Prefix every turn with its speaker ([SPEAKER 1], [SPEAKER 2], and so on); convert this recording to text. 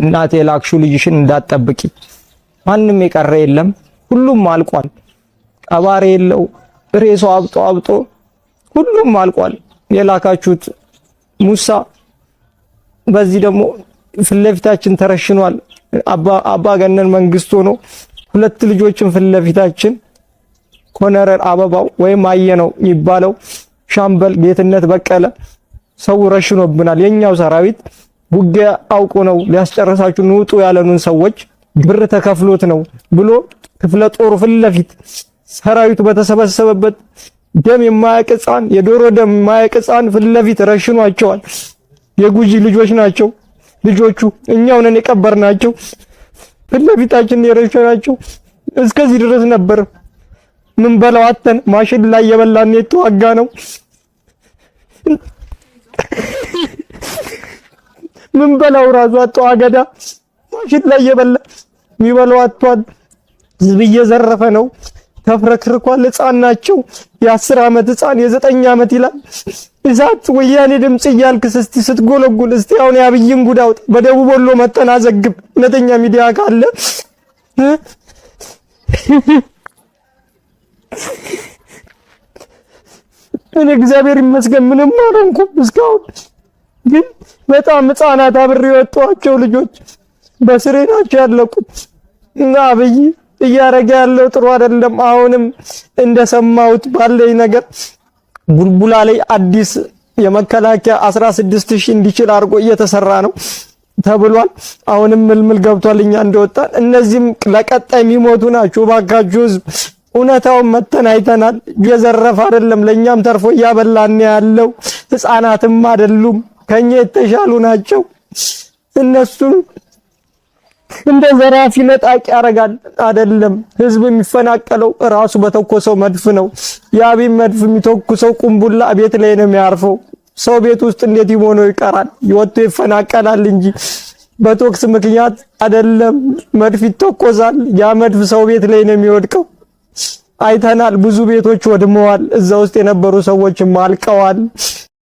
[SPEAKER 1] እናቴ ላክሹ ልጅሽን እንዳትጠብቂ፣ ማንም የቀረ የለም፣ ሁሉም አልቋል። ቀባሪ የለው ሬሶ አብጦ አብጦ ሁሉም አልቋል። የላካችሁት ሙሳ በዚህ ደግሞ ፍለፊታችን ተረሽኗል። አባ ገነን መንግስት ሆኖ ሁለት ልጆችን ፍለፊታችን ለፊታችን ኮነረር አበባው ወይም አየነው የሚባለው ሻምበል ጌትነት በቀለ ሰው ረሽኖብናል የኛው ሰራዊት ውጊያ አውቆ ነው ሊያስጨረሳችሁ ንውጡ ያለኑን ሰዎች ብር ተከፍሎት ነው ብሎ ክፍለ ጦሩ ፊት ለፊት ሰራዊቱ በተሰበሰበበት ደም የማያውቅ ህፃን የዶሮ ደም የማያውቅ ሕፃን ፊት ለፊት ረሽኗቸዋል። የጉጂ ልጆች ናቸው ልጆቹ፣ እኛው ነን የቀበርናቸው፣ ፊት ለፊታችን የረሸናቸው። እስከዚህ ድረስ ነበር ምን በለው አተን ማሽን ላይ የበላን የተዋጋ ነው። ምን በላው ራሱ አጥቶ አገዳ ሽት ላይ የበላ የሚበላው አጥቷል። ህዝብ እየዘረፈ ነው፣ ተፍረክርኳል። ህፃን ናቸው። የአስር ዓመት ህፃን የዘጠኝ ዓመት ይላል። እሳት ወያኔ ድምጽ እያልክ እስቲ ስትጎለጉል እስቲ አሁን የአብይን ጉድ አውጥ። በደቡብ ወሎ መጠና አዘግብ እውነተኛ ሚዲያ ካለ እኔ እግዚአብሔር ይመስገን ምንም አልሆንኩም እስካሁን ግን በጣም ህፃናት አብሬ የወጣኋቸው ልጆች በስሬ ናቸው ያለቁት እና አብይ እያደረገ ያለው ጥሩ አይደለም። አሁንም እንደሰማሁት ባለኝ ነገር ቡልቡላ ላይ አዲስ የመከላከያ 16000 እንዲችል አድርጎ እየተሰራ ነው ተብሏል። አሁንም ምልምል ገብቷል። እኛ እንደወጣን እነዚህም ለቀጣይ የሚሞቱ ናቸው። ባካችሁ ህዝብ እውነታውን መተን አይተናል። አይደለም ለእኛም ተርፎ እያበላን ያለው ህፃናትም አይደሉም። ከኛ የተሻሉ ናቸው። እነሱን እንደ ዘራፊ ነጣቂ ያደርጋል። አይደለም ህዝብ የሚፈናቀለው ራሱ በተኮሰው መድፍ ነው። የአብይ መድፍ የሚተኩሰው ቁምቡላ ቤት ላይ ነው የሚያርፈው። ሰው ቤት ውስጥ እንዴት ይሞኖ ይቀራል? ይወጥቶ ይፈናቀላል እንጂ በቶክስ ምክንያት አይደለም። መድፍ ይተኮሳል። ያ መድፍ ሰው ቤት ላይ ነው የሚወድቀው። አይተናል። ብዙ ቤቶች ወድመዋል። እዛ ውስጥ የነበሩ ሰዎችም አልቀዋል።